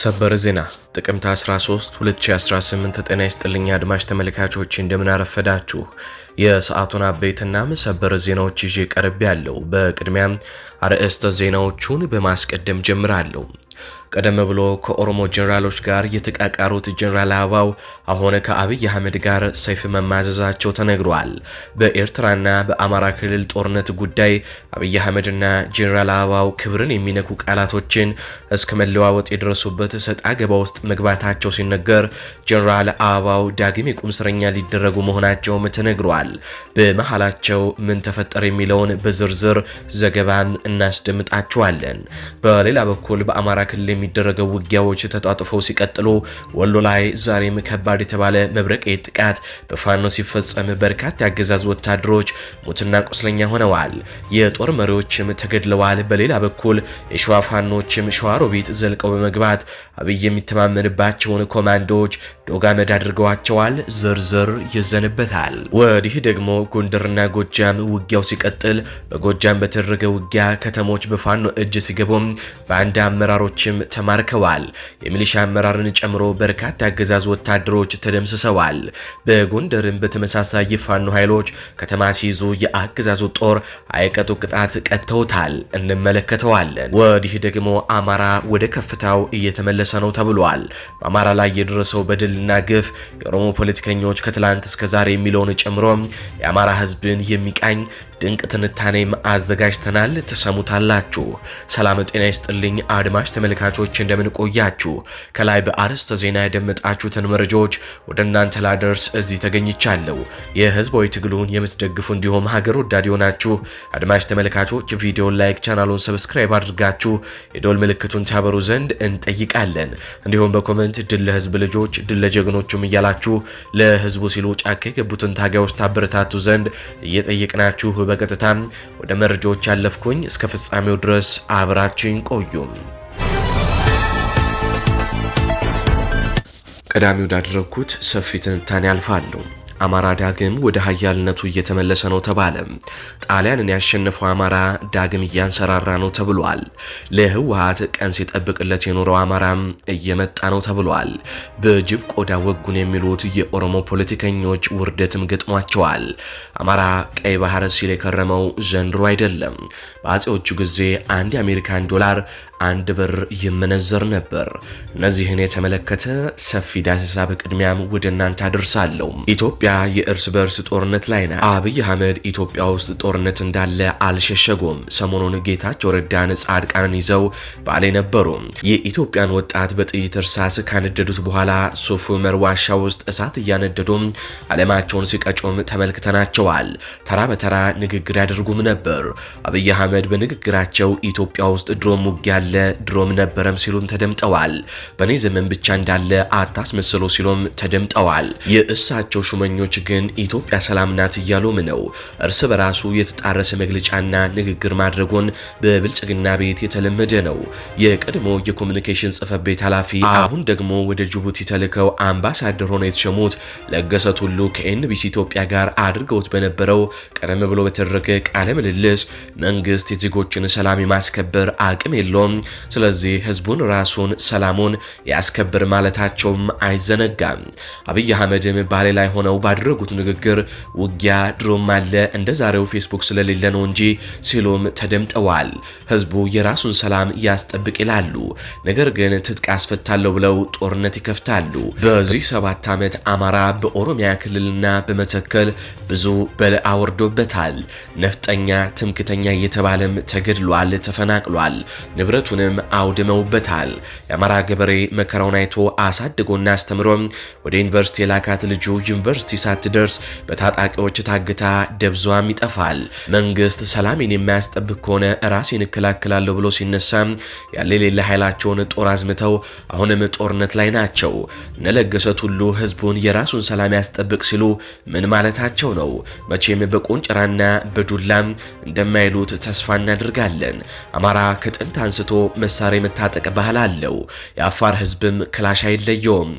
ሰበር ዜና ጥቅምት 13 2018። ጤና ይስጥልኝ አድማጭ ተመልካቾች እንደምናረፈዳችሁ የሰዓቱን አበይትና ሰበር ዜናዎች ይዤ ቀርቤ ያለው። በቅድሚያም አርዕስተ ዜናዎቹን በማስቀደም ጀምራለሁ። ቀደም ብሎ ከኦሮሞ ጀኔራሎች ጋር የተቃቃሩት ጀኔራል አበባው አሁን ከአብይ አህመድ ጋር ሰይፍ መማዘዛቸው ተነግሯል። በኤርትራና በአማራ ክልል ጦርነት ጉዳይ አብይ አህመድና ጀኔራል አበባው ክብርን የሚነኩ ቃላቶችን እስከ መለዋወጥ የደረሱበት ሰጣ ገባ ውስጥ መግባታቸው ሲነገር፣ ጀኔራል አበባው ዳግም የቁም እስረኛ ሊደረጉ መሆናቸውም ተነግሯል። በመሃላቸው ምን ተፈጠረ የሚለውን በዝርዝር ዘገባም እናስደምጣችኋለን። በሌላ በኩል በአማራ ክልል የሚደረገው ውጊያዎች ተጧጥፈው ሲቀጥሉ ወሎ ላይ ዛሬም ከባድ የተባለ መብረቃዊ ጥቃት በፋኖ ሲፈጸም በርካታ የአገዛዙ ወታደሮች ሙትና ቁስለኛ ሆነዋል። የጦር መሪዎችም ተገድለዋል። በሌላ በኩል የሸዋ ፋኖችም ሸዋሮቢት ዘልቀው በመግባት አብይ የሚተማመንባቸውን ኮማንዶዎች ዶጋመድ አድርገዋቸዋል። ዝርዝር ይዘንበታል። ወዲህ ደግሞ ጎንደርና ጎጃም ውጊያው ሲቀጥል በጎጃም በተደረገ ውጊያ ከተሞች በፋኖ እጅ ሲገቡም በአንድ አመራሮችም ተማርከዋል። የሚሊሻ አመራርን ጨምሮ በርካታ አገዛዝ ወታደሮች ተደምስሰዋል። በጎንደርም በተመሳሳይ የፋኖ ኃይሎች ከተማ ሲይዙ የአገዛዙ ጦር አይቀጡ ቅጣት ቀጥተውታል። እንመለከተዋለን። ወዲህ ደግሞ አማራ ወደ ከፍታው እየተመለሰ ነው ተብሏል። በአማራ ላይ የደረሰው በድልና ግፍ የኦሮሞ ፖለቲከኞች ከትላንት እስከ ዛሬ የሚለውን ጨምሮ የአማራ ህዝብን የሚቃኝ ድንቅ ትንታኔም አዘጋጅተናል። ትሰሙታላችሁ። ሰላም ጤና ይስጥልኝ አድማጭ ተመልካቾች፣ እንደምንቆያችሁ ከላይ በአርዕስተ ዜና ያደመጣችሁትን መረጃዎች ወደ እናንተ ላደርስ እዚህ ተገኝቻለሁ። የህዝባዊ ትግሉን የምትደግፉ እንዲሁም ሀገር ወዳድ የሆናችሁ አድማጭ ተመልካቾች ቪዲዮን ላይክ፣ ቻናሉን ሰብስክራይብ አድርጋችሁ የዶል ምልክቱን ታበሩ ዘንድ እንጠይቃለን። እንዲሁም በኮመንት ድል ለህዝብ ልጆች ድል ለጀግኖቹም እያላችሁ ለህዝቡ ሲሉ ጫካ የገቡትን ታጋዮች ታበረታቱ ዘንድ እየጠየቅናችሁ በቀጥታ ወደ መረጃዎች ያለፍኩኝ። እስከ ፍጻሜው ድረስ አብራችኝ ቆዩ ቀዳሚ ወዳደረግኩት ሰፊ ትንታኔ አልፋለሁ። አማራ ዳግም ወደ ሀያልነቱ እየተመለሰ ነው ተባለ። ጣሊያንን ያሸነፈው አማራ ዳግም እያንሰራራ ነው ተብሏል። ለህወሀት ቀን ሲጠብቅለት የኖረው አማራም እየመጣ ነው ተብሏል። በጅብ ቆዳ ወጉን የሚሉት የኦሮሞ ፖለቲከኞች ውርደትም ገጥሟቸዋል። አማራ ቀይ ባህር ሲል የከረመው ዘንድሮ አይደለም። በአጼዎቹ ጊዜ አንድ የአሜሪካን ዶላር አንድ ብር ይመነዘር ነበር። እነዚህን የተመለከተ ሰፊ ዳሰሳ በቅድሚያም ወደ እናንተ አድርሳለሁ። ኢትዮጵያ ኢትዮጵያ የእርስ በርስ ጦርነት ላይ ናት። አብይ አህመድ ኢትዮጵያ ውስጥ ጦርነት እንዳለ አልሸሸጉም። ሰሞኑን ጌታቸው ረዳን ጻድቃንን ይዘው ባሌ ነበሩ። የኢትዮጵያን ወጣት በጥይት እርሳስ ካነደዱት በኋላ ሱፍ መርዋሻ ውስጥ እሳት እያነደዱ አለማቸውን ሲቀጩም ተመልክተናቸዋል። ተራ በተራ ንግግር ያደርጉም ነበር። አብይ አህመድ በንግግራቸው ኢትዮጵያ ውስጥ ድሮም ውጊያ አለ፣ ድሮም ነበረም ሲሉም ተደምጠዋል። በእኔ ዘመን ብቻ እንዳለ አታስመስሎ ሲሉም ተደምጠዋል። የእሳቸው ሹመኞ ተንታኞች ግን ኢትዮጵያ ሰላም ናት እያሉም ነው። እርስ በራሱ የተጣረሰ መግለጫና ንግግር ማድረጉን በብልጽግና ቤት የተለመደ ነው። የቀድሞ የኮሚኒኬሽን ጽህፈት ቤት ኃላፊ አሁን ደግሞ ወደ ጅቡቲ ተልከው አምባሳደር ሆነው የተሸሙት ለገሰ ቱሉ ከኤንቢሲ ኢትዮጵያ ጋር አድርገውት በነበረው ቀደም ብሎ በተደረገ ቃለ ምልልስ መንግስት የዜጎችን ሰላም የማስከበር አቅም የለውም፣ ስለዚህ ህዝቡን ራሱን ሰላሙን ያስከብር ማለታቸውም አይዘነጋም። አብይ አህመድም ባሌ ላይ ሆነው ባደረጉት ንግግር ውጊያ ድሮም አለ እንደ ዛሬው ፌስቡክ ስለሌለ ነው እንጂ ሲሉም ተደምጠዋል። ህዝቡ የራሱን ሰላም ያስጠብቅ ይላሉ። ነገር ግን ትጥቅ አስፈታለሁ ብለው ጦርነት ይከፍታሉ። በዚህ ሰባት ዓመት አማራ በኦሮሚያ ክልልና በመተከል ብዙ በል አወርዶበታል። ነፍጠኛ፣ ትምክተኛ እየተባለም ተገድሏል፣ ተፈናቅሏል፣ ንብረቱንም አውድመውበታል። የአማራ ገበሬ መከራውን አይቶ አሳድጎና አስተምሮም ወደ ዩኒቨርሲቲ የላካት ልጁ ዩኒቨርሲቲ ሳትደርስ በታጣቂዎች ታግታ ደብዟም ይጠፋል። መንግስት ሰላሜን የማያስጠብቅ ከሆነ ራሴን እከላከላለሁ ብሎ ሲነሳ ያለ የሌለ ኃይላቸውን ጦር አዝምተው አሁንም ጦርነት ላይ ናቸው። እነለገሰ ቱሉ ህዝቡን የራሱን ሰላም ያስጠብቅ ሲሉ ምን ማለታቸው ነው? መቼም በቆንጭራና በዱላም እንደማይሉት ተስፋ እናደርጋለን። አማራ ከጥንት አንስቶ መሳሪያ የመታጠቅ ባህል አለው። የአፋር ህዝብም ክላሽ አይለየውም።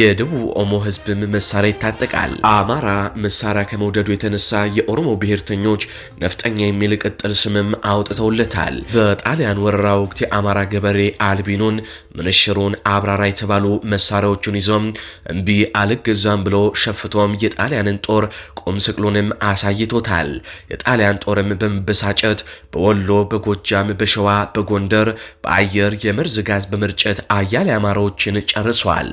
የደቡብ ኦሞ ህዝብም መሳሪያ ይታጠቃል። አማራ መሳሪያ ከመውደዱ የተነሳ የኦሮሞ ብሔርተኞች ነፍጠኛ የሚል ቅጥል ስምም አውጥተውለታል። በጣሊያን ወረራ ወቅት የአማራ ገበሬ አልቢኖን ምንሽሩን አብራራ የተባሉ መሳሪያዎቹን ይዞም እምቢ አልገዛም ብሎ ሸፍቶም የጣሊያንን ጦር ቁም ስቅሉንም አሳይቶታል። የጣሊያን ጦርም በመበሳጨት በወሎ፣ በጎጃም፣ በሸዋ፣ በጎንደር በአየር የመርዝ ጋዝ በመርጨት አያሌ አማራዎችን ጨርሷል።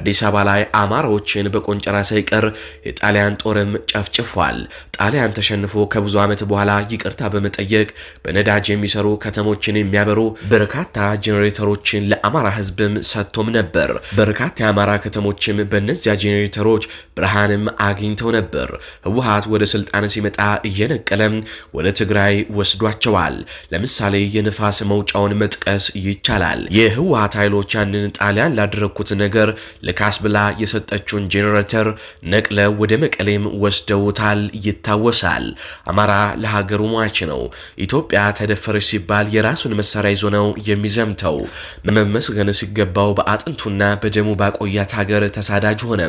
አዲስ አበባ ላይ አማራዎችን በቆንጨራ ሳይቀር የጣሊያን ጦርም ጨፍጭፏል። ጣሊያን ተሸንፎ ከብዙ ዓመት በኋላ ይቅርታ በመጠየቅ በነዳጅ የሚሰሩ ከተሞችን የሚያበሩ በርካታ ጄኔሬተሮችን ለአማራ ለአማራ ህዝብም ሰጥቶም ነበር። በርካታ የአማራ ከተሞችም በእነዚያ ጄኔሬተሮች ብርሃንም አግኝተው ነበር። ህወሀት ወደ ስልጣን ሲመጣ እየነቀለም ወደ ትግራይ ወስዷቸዋል። ለምሳሌ የንፋስ መውጫውን መጥቀስ ይቻላል። የህወሀት ኃይሎች ያንን ጣሊያን ላደረግኩት ነገር ልካስ ብላ የሰጠችውን ጄኔሬተር ነቅለ ወደ መቀሌም ወስደውታል፣ ይታወሳል። አማራ ለሀገሩ ሟች ነው። ኢትዮጵያ ተደፈረች ሲባል የራሱን መሳሪያ ይዞ ነው የሚዘምተው። መመስገን መመስገን ሲገባው በአጥንቱና በደሙ ባቆያት ሀገር ተሳዳጅ ሆነ።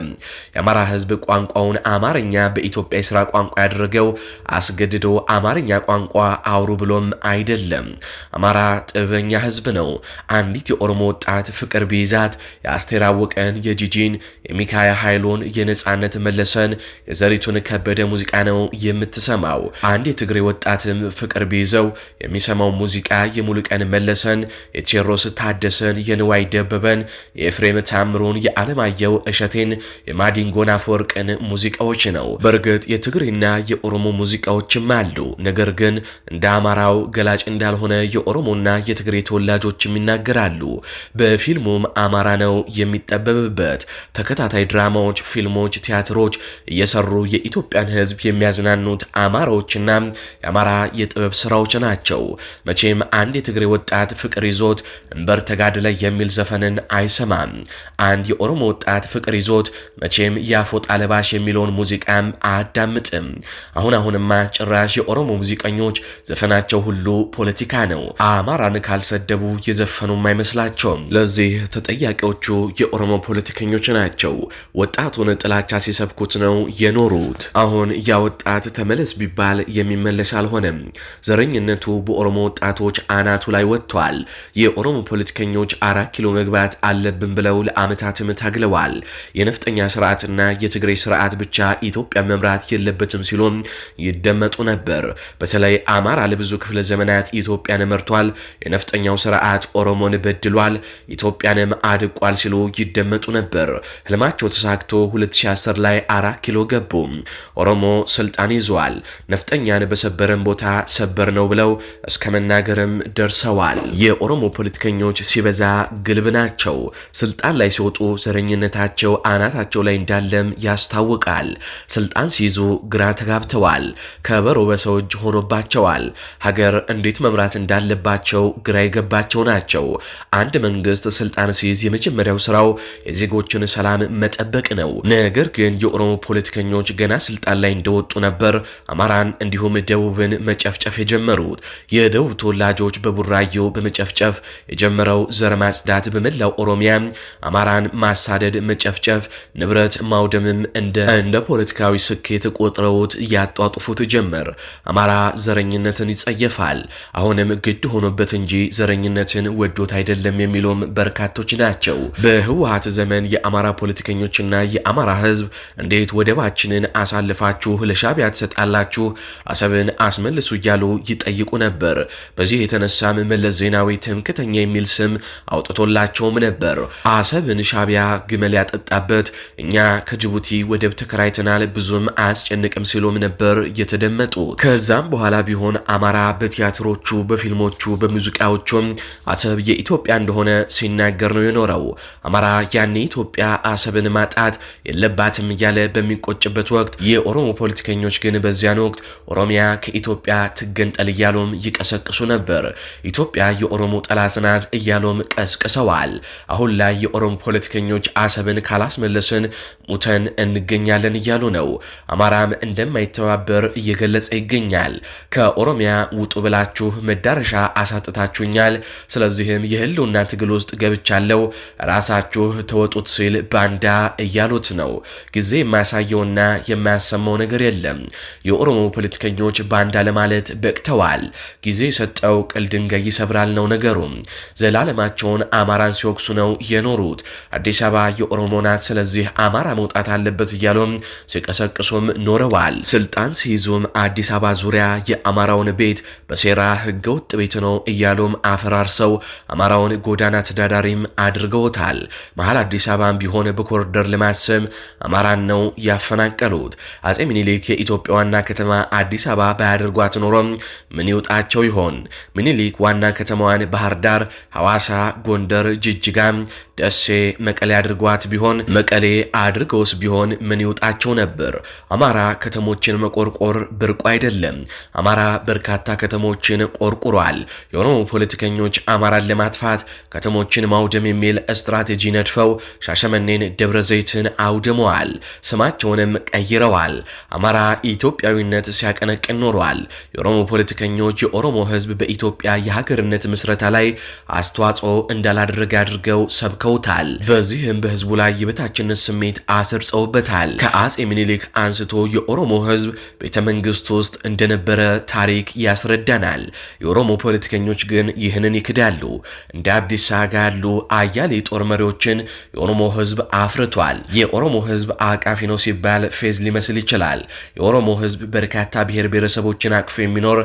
የአማራ ህዝብ ቋንቋውን አማርኛ በኢትዮጵያ የስራ ቋንቋ ያደረገው አስገድዶ አማርኛ ቋንቋ አውሩ ብሎም አይደለም። አማራ ጥበኛ ህዝብ ነው። አንዲት የኦሮሞ ወጣት ፍቅር ቢይዛት የአስቴር አወቀን፣ የጂጂን፣ የሚካያ ኃይሎን፣ የነጻነት መለሰን፣ የዘሪቱን ከበደ ሙዚቃ ነው የምትሰማው። አንድ የትግሬ ወጣትም ፍቅር ቢይዘው የሚሰማው ሙዚቃ የሙሉቀን መለሰን፣ የቴዎድሮስ ታደሰን የንዋይ ደበበን፣ የኤፍሬም ታምሩን፣ የዓለማየሁ እሸቴን፣ የማዲንጎን አፈወርቅን ሙዚቃዎች ነው። በእርግጥ የትግሬና የኦሮሞ ሙዚቃዎችም አሉ። ነገር ግን እንደ አማራው ገላጭ እንዳልሆነ የኦሮሞና የትግሬ ተወላጆችም ይናገራሉ። በፊልሙም አማራ ነው የሚጠበብበት። ተከታታይ ድራማዎች፣ ፊልሞች፣ ቲያትሮች እየሰሩ የኢትዮጵያን ሕዝብ የሚያዝናኑት አማራዎችና የአማራ የጥበብ ስራዎች ናቸው። መቼም አንድ የትግሬ ወጣት ፍቅር ይዞት እንበር ተጋድለ የሚል ዘፈንን አይሰማም። አንድ የኦሮሞ ወጣት ፍቅር ይዞት መቼም ያፎጣ ለባሽ የሚለውን ሙዚቃም አያዳምጥም። አሁን አሁንማ ጭራሽ የኦሮሞ ሙዚቀኞች ዘፈናቸው ሁሉ ፖለቲካ ነው። አማራን ካልሰደቡ የዘፈኑም አይመስላቸውም። ለዚህ ተጠያቂዎቹ የኦሮሞ ፖለቲከኞች ናቸው። ወጣቱን ጥላቻ ሲሰብኩት ነው የኖሩት። አሁን ያ ወጣት ተመለስ ቢባል የሚመለስ አልሆነም። ዘረኝነቱ በኦሮሞ ወጣቶች አናቱ ላይ ወጥቷል። የኦሮሞ ፖለቲከኞች አራት ኪሎ መግባት አለብን ብለው ለአመታትም ታግለዋል። የነፍጠኛ ስርዓትና የትግሬ ስርዓት ብቻ ኢትዮጵያ መምራት የለበትም ሲሉም ይደመጡ ነበር። በተለይ አማራ ለብዙ ክፍለ ዘመናት ኢትዮጵያን መርቷል፣ የነፍጠኛው ስርዓት ኦሮሞን በድሏል፣ ኢትዮጵያንም አድቋል ሲሉ ይደመጡ ነበር። ህልማቸው ተሳክቶ 2010 ላይ አራት ኪሎ ገቡ። ኦሮሞ ስልጣን ይዟል፣ ነፍጠኛን በሰበረን ቦታ ሰበር ነው ብለው እስከ መናገርም ደርሰዋል። የኦሮሞ ፖለቲከኞች ሲበዛ ግልብ ናቸው። ስልጣን ላይ ሲወጡ ዘረኝነታቸው አናታቸው ላይ እንዳለም ያስታውቃል። ስልጣን ሲይዙ ግራ ተጋብተዋል። ከበሮ በሰው እጅ ሆኖባቸዋል። ሀገር እንዴት መምራት እንዳለባቸው ግራ የገባቸው ናቸው። አንድ መንግስት ስልጣን ሲይዝ የመጀመሪያው ስራው የዜጎችን ሰላም መጠበቅ ነው። ነገር ግን የኦሮሞ ፖለቲከኞች ገና ስልጣን ላይ እንደወጡ ነበር አማራን እንዲሁም ደቡብን መጨፍጨፍ የጀመሩት። የደቡብ ተወላጆች በቡራዮ በመጨፍጨፍ የጀመረው ዘረማ ማጽዳት፣ በመላው ኦሮሚያ አማራን ማሳደድ፣ መጨፍጨፍ፣ ንብረት ማውደምም እንደ ፖለቲካዊ ስኬት ቆጥረውት እያጧጡፉት ጀመር። አማራ ዘረኝነትን ይጸየፋል። አሁንም ግድ ሆኖበት እንጂ ዘረኝነትን ወዶት አይደለም የሚሉም በርካቶች ናቸው። በህወሀት ዘመን የአማራ ፖለቲከኞችና የአማራ ህዝብ እንዴት ወደባችንን አሳልፋችሁ ለሻቢያ ትሰጣላችሁ? አሰብን አስመልሱ እያሉ ይጠይቁ ነበር። በዚህ የተነሳም መለስ ዜናዊ ትምክተኛ የሚል ስም አውጥቶላቸውም ነበር። አሰብን ሻቢያ ግመል ያጠጣበት እኛ ከጅቡቲ ወደብ ተከራይተናል ብዙም አያስጨንቅም ሲሉም ነበር የተደመጡ ከዛም በኋላ ቢሆን አማራ በቲያትሮቹ፣ በፊልሞቹ፣ በሙዚቃዎቹም አሰብ የኢትዮጵያ እንደሆነ ሲናገር ነው የኖረው። አማራ ያኔ ኢትዮጵያ አሰብን ማጣት የለባትም እያለ በሚቆጭበት ወቅት የኦሮሞ ፖለቲከኞች ግን በዚያን ወቅት ኦሮሚያ ከኢትዮጵያ ትገንጠል እያሉም ይቀሰቅሱ ነበር። ኢትዮጵያ የኦሮሞ ጠላት ናት እያሉም ቀስቅሰዋል። አሁን ላይ የኦሮሞ ፖለቲከኞች አሰብን ካላስመለስን ሙተን እንገኛለን እያሉ ነው። አማራም እንደማይተባበር እየገለጸ ይገኛል። ከኦሮሚያ ውጡ ብላችሁ መዳረሻ አሳጥታችሁኛል፣ ስለዚህም የህልውና ትግል ውስጥ ገብቻለሁ፣ ራሳችሁ ተወጡት ሲል ባንዳ እያሉት ነው። ጊዜ የማያሳየውና የማያሰማው ነገር የለም። የኦሮሞ ፖለቲከኞች ባንዳ ለማለት በቅተዋል። ጊዜ የሰጠው ቅል ድንጋይ ይሰብራል ነው ነገሩ። ዘላለማቸውን አማራን ሲወቅሱ ነው የኖሩት። አዲስ አበባ የኦሮሞ ናት። ስለዚህ አማራ መውጣት አለበት እያሉም ሲቀሰቅሱም ኖረዋል። ስልጣን ሲይዙም አዲስ አበባ ዙሪያ የአማራውን ቤት በሴራ ህገወጥ ቤት ነው እያሉም አፈራርሰው አማራውን ጎዳና ተዳዳሪም አድርገውታል። መሀል አዲስ አበባም ቢሆን በኮሪደር ልማት ስም አማራን ነው ያፈናቀሉት። አጼ ሚኒሊክ የኢትዮጵያ ዋና ከተማ አዲስ አበባ ባያደርጓት ኖሮም ምን ይውጣቸው ይሆን? ሚኒሊክ ዋና ከተማዋን ባህር ዳር፣ ሐዋሳ፣ ጎንደር፣ ጅጅጋ፣ ደሴ፣ መቀሌ አድርጓት ቢሆን መቀሌ አድርግ አመልከውስ ቢሆን ምን ይውጣቸው ነበር? አማራ ከተሞችን መቆርቆር ብርቁ አይደለም። አማራ በርካታ ከተሞችን ቆርቁሯል። የኦሮሞ ፖለቲከኞች አማራን ለማጥፋት ከተሞችን ማውደም የሚል ስትራቴጂ ነድፈው ሻሸመኔን፣ ደብረ ዘይትን አውድመዋል። ስማቸውንም ቀይረዋል። አማራ ኢትዮጵያዊነት ሲያቀነቅን ኖሯል። የኦሮሞ ፖለቲከኞች የኦሮሞ ህዝብ በኢትዮጵያ የሀገርነት ምስረታ ላይ አስተዋጽኦ እንዳላደረገ አድርገው ሰብከውታል። በዚህም በህዝቡ ላይ የበታችነት ስሜት አሰርጸውበታል። ከአጼ ምኒልክ አንስቶ የኦሮሞ ህዝብ ቤተ መንግስት ውስጥ እንደነበረ ታሪክ ያስረዳናል። የኦሮሞ ፖለቲከኞች ግን ይህንን ይክዳሉ። እንደ አብዲሳ ጋሉ አያሌ ጦር መሪዎችን የኦሮሞ ህዝብ አፍርቷል። የኦሮሞ ህዝብ አቃፊ ነው ሲባል ፌዝ ሊመስል ይችላል። የኦሮሞ ህዝብ በርካታ ብሔር ብሔረሰቦችን አቅፎ የሚኖር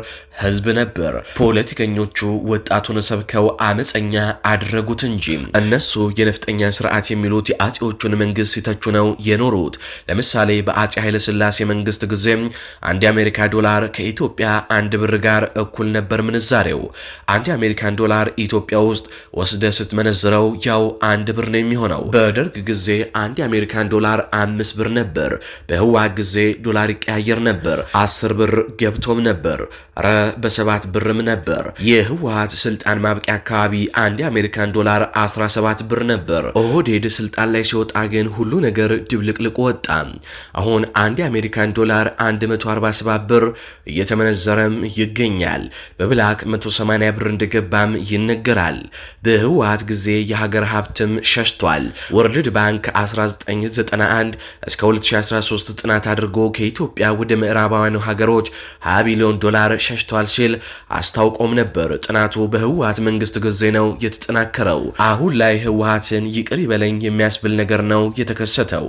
ህዝብ ነበር። ፖለቲከኞቹ ወጣቱን ሰብከው አመፀኛ አድረጉት እንጂ እነሱ የነፍጠኛ ስርዓት የሚሉት የአጼዎቹን መንግስት ሲተቹ ነው የኖሩት። ለምሳሌ ኃይለ ስላሴ መንግስት ጊዜ አንድ የአሜሪካ ዶላር ከኢትዮጵያ አንድ ብር ጋር እኩል ነበር ምንዛሬው። አንድ የአሜሪካን ዶላር ኢትዮጵያ ውስጥ ወስደ ስትመነዝረው ያው አንድ ብር ነው የሚሆነው። በደርግ ጊዜ አንድ የአሜሪካን ዶላር አምስት ብር ነበር። በህወሓት ጊዜ ዶላር ይቀያየር ነበር፣ አስር ብር ገብቶም ነበር፣ ረ በሰባት ብርም ነበር። የህወሓት ስልጣን ማብቂያ አካባቢ አንድ የአሜሪካን ዶላር 17 ብር ነበር። ኦህዴድ ስልጣን ላይ ሲወጣ ግን ሁሉ ነገር ነገር ድብልቅልቅ ወጣ። አሁን አንድ የአሜሪካን ዶላር 147 ብር እየተመነዘረም ይገኛል። በብላክ 180 ብር እንደገባም ይነገራል። በህወሀት ጊዜ የሀገር ሀብትም ሸሽቷል። ወርልድ ባንክ 1991 እስከ 2013 ጥናት አድርጎ ከኢትዮጵያ ወደ ምዕራባውያኑ ሀገሮች 20 ቢሊዮን ዶላር ሸሽቷል ሲል አስታውቆም ነበር። ጥናቱ በህወሀት መንግስት ጊዜ ነው የተጠናከረው። አሁን ላይ ህወሀትን ይቅር ይበለኝ የሚያስብል ነገር ነው የተከሰተው። ናቸው።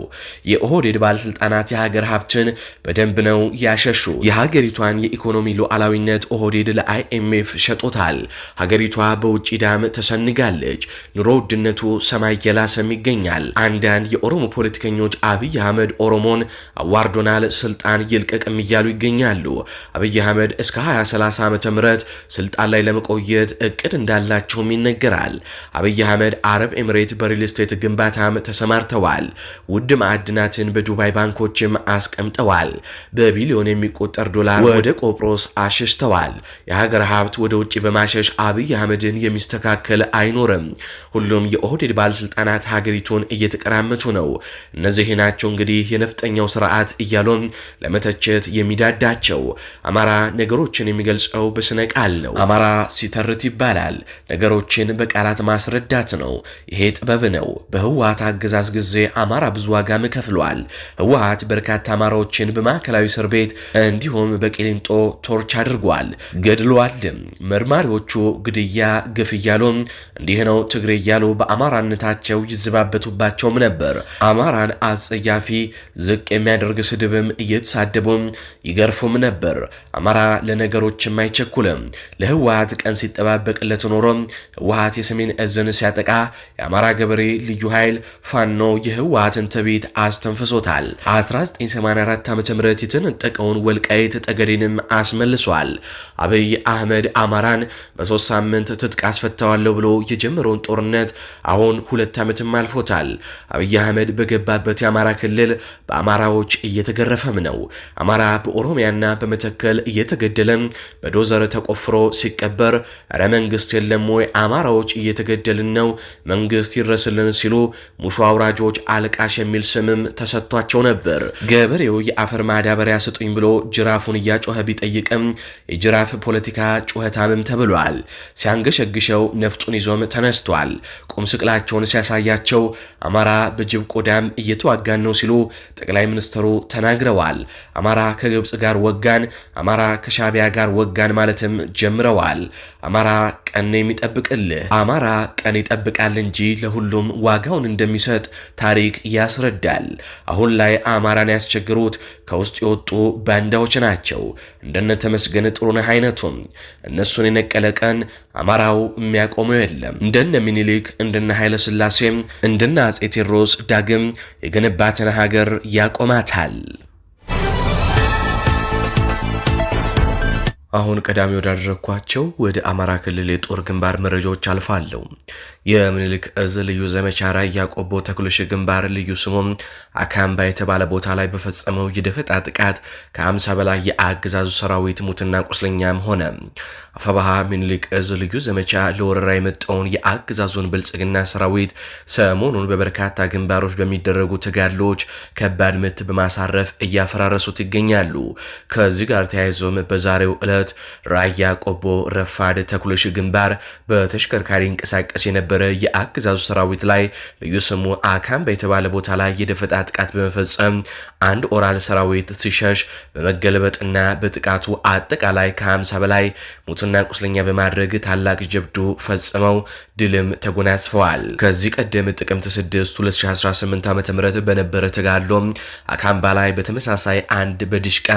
የኦህዴድ ባለስልጣናት የሀገር ሀብትን በደንብ ነው ያሸሹ። የሀገሪቷን የኢኮኖሚ ሉዓላዊነት ኦህዴድ ለአይኤምኤፍ ሸጦታል። ሀገሪቷ በውጭ ዳም ተሰንጋለች። ኑሮ ውድነቱ ሰማይ የላሰም ይገኛል። አንዳንድ የኦሮሞ ፖለቲከኞች አብይ አህመድ ኦሮሞን አዋርዶናል፣ ስልጣን ይልቀቅም እያሉ ይገኛሉ። አብይ አህመድ እስከ 2030 ዓመተ ምህረት ስልጣን ላይ ለመቆየት እቅድ እንዳላቸውም ይነገራል። አብይ አህመድ አረብ ኤምሬት በሪል ስቴት ግንባታም ተሰማርተዋል። ውድ ማዕድናትን በዱባይ ባንኮችም አስቀምጠዋል። በቢሊዮን የሚቆጠር ዶላር ወደ ቆጵሮስ አሸሽተዋል። የሀገር ሀብት ወደ ውጭ በማሸሽ አብይ አህመድን የሚስተካከል አይኖርም። ሁሉም የኦህዴድ ባለስልጣናት ሀገሪቱን እየተቀራመቱ ነው። እነዚህ ናቸው እንግዲህ የነፍጠኛው ስርዓት እያሉም ለመተቸት የሚዳዳቸው። አማራ ነገሮችን የሚገልጸው በስነ ቃል ነው። አማራ ሲተርት ይባላል። ነገሮችን በቃላት ማስረዳት ነው። ይሄ ጥበብ ነው። በህወሓት አገዛዝ ጊዜ አማራ ብዙ ብዙ ዋጋም ከፍሏል። ህወሀት በርካታ አማራዎችን በማዕከላዊ እስር ቤት እንዲሁም በቂሊንጦ ቶርች አድርጓል፣ ገድለዋልም። መርማሪዎቹ ግድያ፣ ግፍ እያሉ እንዲህ ነው ትግሬ እያሉ በአማራነታቸው ይዘባበቱባቸውም ነበር። አማራን አጸያፊ ዝቅ የሚያደርግ ስድብም እየተሳደቡም ይገርፉም ነበር። አማራ ለነገሮችም አይቸኩልም። ለህወሀት ቀን ሲጠባበቅለት ኖሮ ህወሀት የሰሜን እዝን ሲያጠቃ የአማራ ገበሬ ልዩ ኃይል ፋኖ የህወሀትን ቤት አስተንፍሶታል። 1984 ዓ ም የተነጠቀውን ወልቃይት ጠገዴንም አስመልሷል። አብይ አህመድ አማራን በሶስት ሳምንት ትጥቅ አስፈታዋለሁ ብሎ የጀመረውን ጦርነት አሁን ሁለት ዓመትም አልፎታል። አብይ አህመድ በገባበት የአማራ ክልል በአማራዎች እየተገረፈም ነው። አማራ በኦሮሚያና በመተከል እየተገደለም በዶዘር ተቆፍሮ ሲቀበር፣ እረ መንግስት የለም ወይ? አማራዎች እየተገደልን ነው፣ መንግስት ይድረስልን ሲሉ ሙሾ አውራጆች አልቃሽ የሚል ስምም ተሰጥቷቸው ነበር። ገበሬው የአፈር ማዳበሪያ ስጡኝ ብሎ ጅራፉን እያጮኸ ቢጠይቅም የጅራፍ ፖለቲካ ጩኸታምም ተብሏል። ሲያንገሸግሸው ነፍጡን ይዞም ተነስቷል። ቁም ስቅላቸውን ሲያሳያቸው አማራ በጅብ ቆዳም እየተዋጋን ነው ሲሉ ጠቅላይ ሚኒስትሩ ተናግረዋል። አማራ ከግብፅ ጋር ወጋን፣ አማራ ከሻቢያ ጋር ወጋን ማለትም ጀምረዋል። አማራ ቀን የሚጠብቅልህ፣ አማራ ቀን ይጠብቃል እንጂ ለሁሉም ዋጋውን እንደሚሰጥ ታሪክ ያስ ያስረዳል። አሁን ላይ አማራን ያስቸግሩት ከውስጥ የወጡ ባንዳዎች ናቸው። እንደነ ተመስገን ጥሩነህ አይነቱም እነሱን የነቀለ ቀን አማራው የሚያቆመው የለም። እንደነ ሚኒሊክ፣ እንደነ ኃይለ ስላሴ፣ እንደነ አጼ ቴዎድሮስ ዳግም የገነባትን ሀገር ያቆማታል። አሁን ቀዳሚ ወዳደረግኳቸው ወደ አማራ ክልል የጦር ግንባር መረጃዎች አልፋለሁ። የምኒልክ እዝ ልዩ ዘመቻ ራያ ቆቦ ተክሎሽ ግንባር ልዩ ስሙም አካምባ የተባለ ቦታ ላይ በፈጸመው የደፈጣ ጥቃት ከ50 በላይ የአገዛዙ ሰራዊት ሙትና ቁስለኛም ሆነ። አፈባሃ ሚኒሊክ እዝ ልዩ ዘመቻ ለወረራ የመጣውን የአገዛዙን ብልጽግና ሰራዊት ሰሞኑን በበርካታ ግንባሮች በሚደረጉ ተጋድሎች ከባድ ምት በማሳረፍ እያፈራረሱት ይገኛሉ። ከዚህ ጋር ተያይዞም በዛሬው ዕለት ራያ ቆቦ ረፋድ ተኩሎሽ ግንባር በተሽከርካሪ እንቀሳቀስ የነበረ የአገዛዙ ሰራዊት ላይ ልዩ ስሙ አካምባ የተባለ ቦታ ላይ የደፈጣ ጥቃት በመፈጸም አንድ ኦራል ሰራዊት ሲሸሽ በመገልበጥና በጥቃቱ አጠቃላይ ከ50 በላይ ሙትና ቁስለኛ በማድረግ ታላቅ ጀብዱ ፈጽመው ድልም ተጎናጽፈዋል። ከዚህ ቀደም ጥቅምት 6 2018 ዓ.ም በነበረ ተጋድሎ አካምባ ላይ በተመሳሳይ አንድ በድሽቃ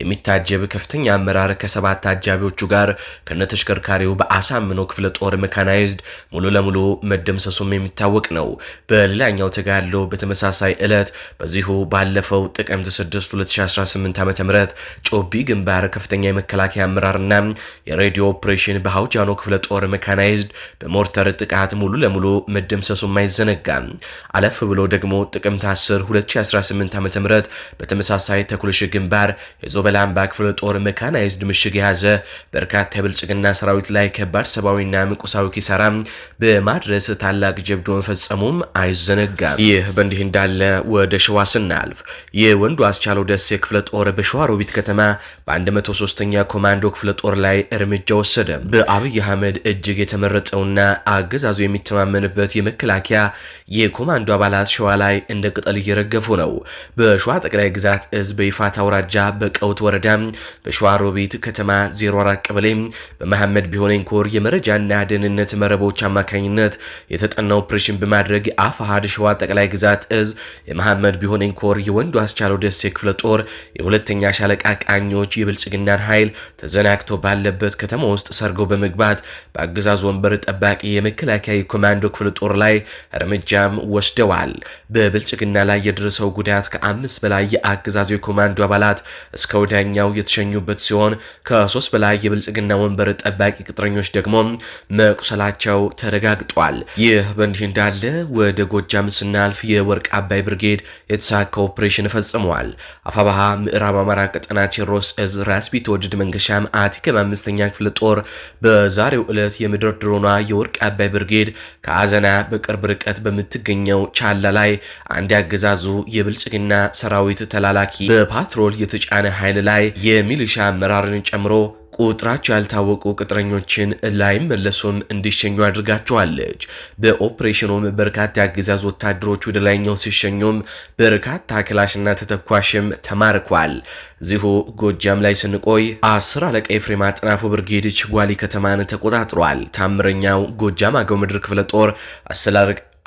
የሚታጀብ ከፍተኛ አመራር ከሰባት ታጃቢዎቹ ጋር ከነተሽከርካሪው በአሳምኖ ክፍለ ጦር መካናይዝድ ሙሉ ለሙሉ መደምሰሱም የሚታወቅ ነው። በሌላኛው ተጋድሎ በተመሳሳይ ዕለት በዚሁ ባለፈው ጥቅምት 6 2018 ዓ.ም ጮቢ ግንባር ከፍተኛ የመከላከያ አመራርና የሬዲዮ ኦፕሬሽን በሀውጃኖ ክፍለ ጦር መካናይዝድ በሞርተር ዘር ጥቃት ሙሉ ለሙሉ መደምሰሱም አይዘነጋም። አለፍ ብሎ ደግሞ ጥቅምት 10 2018 ዓ ም በተመሳሳይ ተኩልሽ ግንባር የዞበላ አምባ ክፍለ ጦር መካናይዝድ ምሽግ የያዘ በርካታ የብልጽግና ሰራዊት ላይ ከባድ ሰብአዊና ምቁሳዊ ኪሳራ በማድረስ ታላቅ ጀብዶ መፈጸሙም አይዘነጋም። ይህ በእንዲህ እንዳለ ወደ ሸዋ ስናልፍ የወንዱ አስቻለው ደሴ ክፍለ ጦር በሸዋ ሮቢት ከተማ በ103ኛ ኮማንዶ ክፍለ ጦር ላይ እርምጃ ወሰደ። በአብይ አህመድ እጅግ የተመረጠውና አገዛዙ የሚተማመንበት የመከላከያ የኮማንዶ አባላት ሸዋ ላይ እንደ ቅጠል እየረገፉ ነው። በሸዋ ጠቅላይ ግዛት እዝ በይፋት አውራጃ በቀውት ወረዳ በሸዋ ሮቢት ከተማ 04 ቀበሌ በመሐመድ ቢሆነኝ ኮር የመረጃና ደህንነት መረቦች አማካኝነት የተጠና ኦፕሬሽን በማድረግ አፋሃድ ሸዋ ጠቅላይ ግዛት እዝ የመሐመድ ቢሆነኝ ኮር የወንዱ አስቻለው ደሴ ክፍለ ጦር የሁለተኛ ሻለቃ ቃኞች የብልጽግናን ኃይል ተዘናግቶ ባለበት ከተማ ውስጥ ሰርገው በመግባት በአገዛዝ ወንበር ጠባቂ የ የመከላከያ የኮማንዶ ክፍል ጦር ላይ እርምጃም ወስደዋል። በብልጽግና ላይ የደረሰው ጉዳት ከአምስት በላይ የአገዛዙ የኮማንዶ አባላት እስከ ወዳኛው የተሸኙበት ሲሆን ከሶስት በላይ የብልጽግና ወንበር ጠባቂ ቅጥረኞች ደግሞ መቁሰላቸው ተረጋግጧል። ይህ በእንዲህ እንዳለ ወደ ጎጃም ስናልፍ የወርቅ አባይ ብርጌድ የተሳካ ኦፕሬሽን ፈጽመዋል። አፋባሃ ምዕራብ አማራ ቀጠና ቴዎድሮስ እዝ ራስ ቢትወደድ መንገሻም አቲከም አምስተኛ ክፍለ ጦር በዛሬው ዕለት የምድር ድሮኗ የወርቅ አባይ ብርጌድ ከአዘና በቅርብ ርቀት በምትገኘው ቻላ ላይ አንድ ያገዛዙ የብልጽግና ሰራዊት ተላላኪ በፓትሮል የተጫነ ኃይል ላይ የሚሊሻ አመራርን ጨምሮ ቁጥራቸው ያልታወቁ ቅጥረኞችን ላይመለሱም እንዲሸኙ አድርጋቸዋለች። በኦፕሬሽኑም በርካታ የአገዛዝ ወታደሮች ወደ ላይኛው ሲሸኙም በርካታ ክላሽና ተተኳሽም ተማርኳል። እዚሁ ጎጃም ላይ ስንቆይ አስር አለቃ ኤፍሬም አጥናፉ ብርጌድ ችጓሊ ከተማን ተቆጣጥሯል። ታምረኛው ጎጃም አገው ምድር ክፍለ ጦር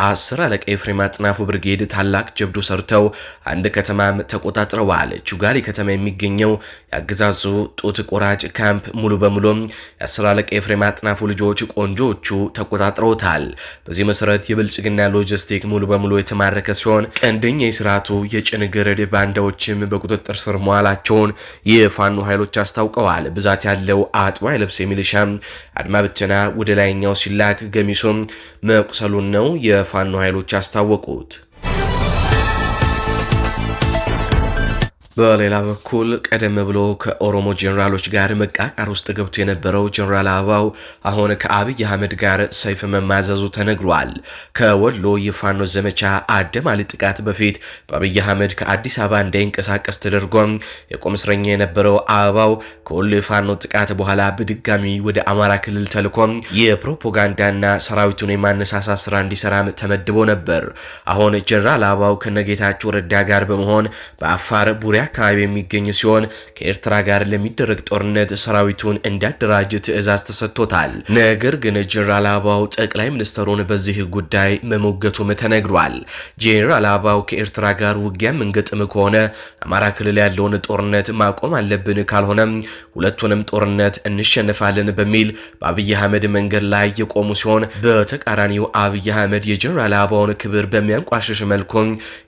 አስር አለቃ ኤፍሬም አጥናፉ ብርጌድ ታላቅ ጀብዱ ሰርተው አንድ ከተማም ተቆጣጥረዋል። ቹጋሊ ከተማ የሚገኘው የአገዛዙ ጡት ቆራጭ ካምፕ ሙሉ በሙሉ የአስር አለቃ ኤፍሬም አጥናፉ ልጆች ቆንጆዎቹ ተቆጣጥረውታል። በዚህ መሰረት የብልጽግና ሎጂስቲክ ሙሉ በሙሉ የተማረከ ሲሆን ቀንደኛ የስርዓቱ የጭንግርድ ባንዳዎችም በቁጥጥር ስር መዋላቸውን የፋኖ ኃይሎች አስታውቀዋል። ብዛት ያለው አጥባ አይለብስ የሚልሻ አድማ ብተና ወደ ላይኛው ሲላክ ገሚሶም መቁሰሉን ነው የፋኖ ኃይሎች አስታወቁት። በሌላ በኩል ቀደም ብሎ ከኦሮሞ ጀኔራሎች ጋር መቃቃር ውስጥ ገብቶ የነበረው ጀኔራል አበባው አሁን ከአብይ አህመድ ጋር ሰይፍ መማዘዙ ተነግሯል። ከወሎ የፋኖ ዘመቻ አደማሊ ጥቃት በፊት በአብይ አህመድ ከአዲስ አበባ እንዳይንቀሳቀስ ተደርጎ የቁም እስረኛ የነበረው አበባው ከወሎ የፋኖ ጥቃት በኋላ በድጋሚ ወደ አማራ ክልል ተልኮ የፕሮፓጋንዳና ሰራዊቱን የማነሳሳት ስራ እንዲሰራም ተመድቦ ነበር። አሁን ጀኔራል አበባው ከነጌታቸው ረዳ ጋር በመሆን በአፋር ቡሪያ አካባቢ የሚገኝ ሲሆን ከኤርትራ ጋር ለሚደረግ ጦርነት ሰራዊቱን እንዲያደራጅ ትዕዛዝ ተሰጥቶታል። ነገር ግን ጀነራል አባው ጠቅላይ ሚኒስትሩን በዚህ ጉዳይ መሞገቱም ተነግሯል። ጄኔራል አባው ከኤርትራ ጋር ውጊያ መንገጥም ከሆነ አማራ ክልል ያለውን ጦርነት ማቆም አለብን፣ ካልሆነም ሁለቱንም ጦርነት እንሸንፋለን በሚል በአብይ አህመድ መንገድ ላይ የቆሙ ሲሆን በተቃራኒው አብይ አህመድ የጀነራል አባውን ክብር በሚያንቋሽሽ መልኩ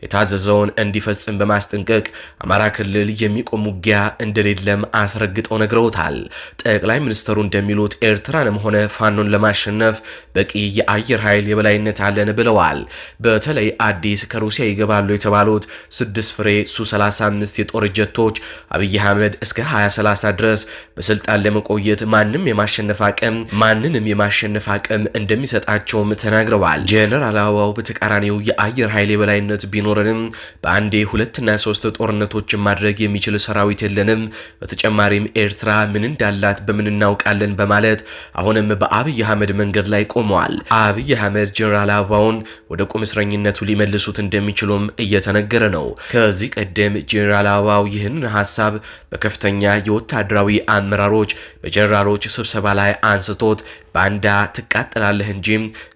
የታዘዘውን እንዲፈጽም በማስጠንቀቅ አማራ ክልል የሚቆም ውጊያ እንደሌለም አስረግጠው ነግረውታል። ጠቅላይ ሚኒስትሩ እንደሚሉት ኤርትራንም ሆነ ፋኖን ለማሸነፍ በቂ የአየር ኃይል የበላይነት አለን ብለዋል። በተለይ አዲስ ከሩሲያ ይገባሉ የተባሉት ስድስት ፍሬ ሱ35 የጦር ጀቶች አብይ አህመድ እስከ 2030 ድረስ በስልጣን ለመቆየት ማንም የማሸነፍ አቅም ማንንም የማሸነፍ አቅም እንደሚሰጣቸውም ተናግረዋል። ጀነራል አበባው በተቃራኒው የአየር ኃይል የበላይነት ቢኖረንም በአንዴ ሁለትና ሶስት ጦርነቶች ነገሮችን ማድረግ የሚችል ሰራዊት የለንም። በተጨማሪም ኤርትራ ምን እንዳላት በምን እናውቃለን በማለት አሁንም በአብይ አህመድ መንገድ ላይ ቆመዋል። አብይ አህመድ ጀኔራል አበባውን ወደ ቁም እስረኝነቱ ሊመልሱት እንደሚችሉም እየተነገረ ነው። ከዚህ ቀደም ጀኔራል አበባው ይህንን ሀሳብ በከፍተኛ የወታደራዊ አመራሮች በጀነራሎች ስብሰባ ላይ አንስቶት ባንዳ ትቃጠላለህ እንጂ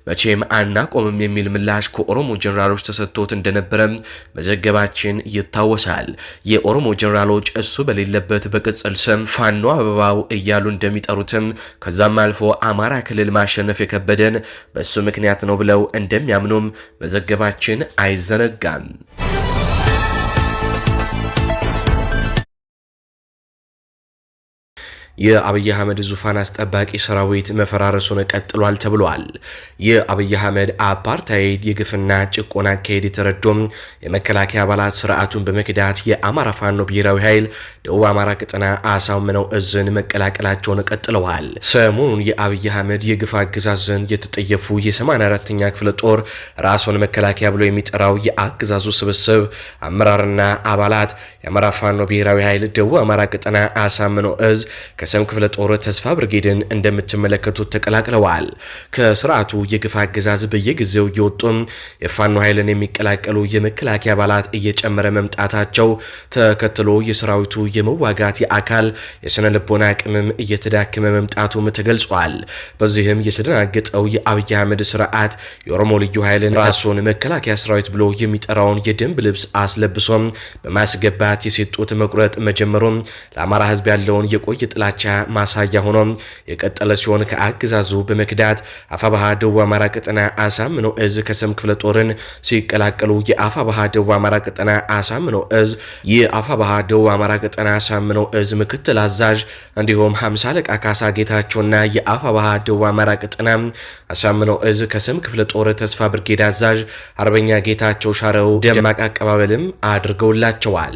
መቼም አናቆምም የሚል ምላሽ ከኦሮሞ ጀነራሎች ተሰጥቶት እንደነበረም መዘገባችን ይታወሳል። የኦሮሞ ጀነራሎች እሱ በሌለበት በቅጽል ስም ፋኖ አበባው እያሉ እንደሚጠሩትም ከዛም አልፎ አማራ ክልል ማሸነፍ የከበደን በእሱ ምክንያት ነው ብለው እንደሚያምኑም መዘገባችን አይዘነጋም። የአብይ አህመድ ዙፋን አስጠባቂ ሰራዊት መፈራረሱን ቀጥሏል ተብሏል። የአብይ አህመድ አፓርታይድ የግፍና ጭቆና አካሄድ የተረዶም የመከላከያ አባላት ስርዓቱን በመክዳት የአማራ ፋኖ ብሔራዊ ኃይል ደቡብ አማራ ቀጠና አሳምነው እዝን መቀላቀላቸውን ቀጥለዋል። ሰሞኑን የአብይ አህመድ የግፍ አገዛዝን የተጠየፉ የ84ኛ ክፍለ ጦር ራሱን መከላከያ ብሎ የሚጠራው የአገዛዙ ስብስብ አመራርና አባላት የአማራ ፋኖ ብሔራዊ ኃይል ደቡብ አማራ ቀጠና አሳምነው እዝ ከሰም ክፍለ ጦር ተስፋ ብርጌድን እንደምትመለከቱት ተቀላቅለዋል። ከስርዓቱ የግፍ አገዛዝ በየጊዜው እየወጡ የፋኖ ኃይልን የሚቀላቀሉ የመከላከያ አባላት እየጨመረ መምጣታቸው ተከትሎ የሰራዊቱ የመዋጋት የአካል የስነ ልቦና አቅምም እየተዳከመ መምጣቱም ተገልጿል። በዚህም የተደናገጠው የአብይ አህመድ ስርዓት የኦሮሞ ልዩ ኃይልን ራሱን መከላከያ ሰራዊት ብሎ የሚጠራውን የደንብ ልብስ አስለብሶም በማስገባት የሴት ጡት መቁረጥ መጀመሩም ለአማራ ህዝብ ያለውን የቆየ ጥላ የጥላቻ ማሳያ ሆኖ የቀጠለ ሲሆን ከአገዛዙ በመክዳት አፋባሃ ደቡብ አማራ ቀጠና አሳምነው እዝ ከሰም ክፍለ ጦርን ሲቀላቀሉ የአፋባሃ ደቡብ አማራ ቀጠና አሳምነው እዝ የአፋባሃ ደቡብ አማራ ቀጠና አሳምነው እዝ ምክትል አዛዥ እንዲሁም ሀምሳ አለቃ ካሳ ጌታቸውና የአፋባሃ ደቡብ አማራ ቀጠና አሳምነው እዝ ከሰም ክፍለ ጦር ተስፋ ብርጌድ አዛዥ አርበኛ ጌታቸው ሻረው ደማቅ አቀባበልም አድርገውላቸዋል።